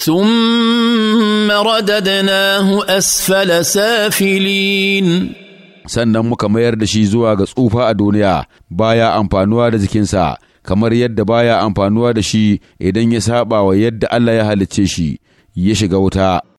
ثم رددناه أسفل سافلين sannan muka mayar da shi zuwa ga tsufa a duniya baya amfanuwa da jikinsa kamar yadda baya amfanuwa da shi idan ya saba wa yadda Allah ya halicce shi ya shiga wuta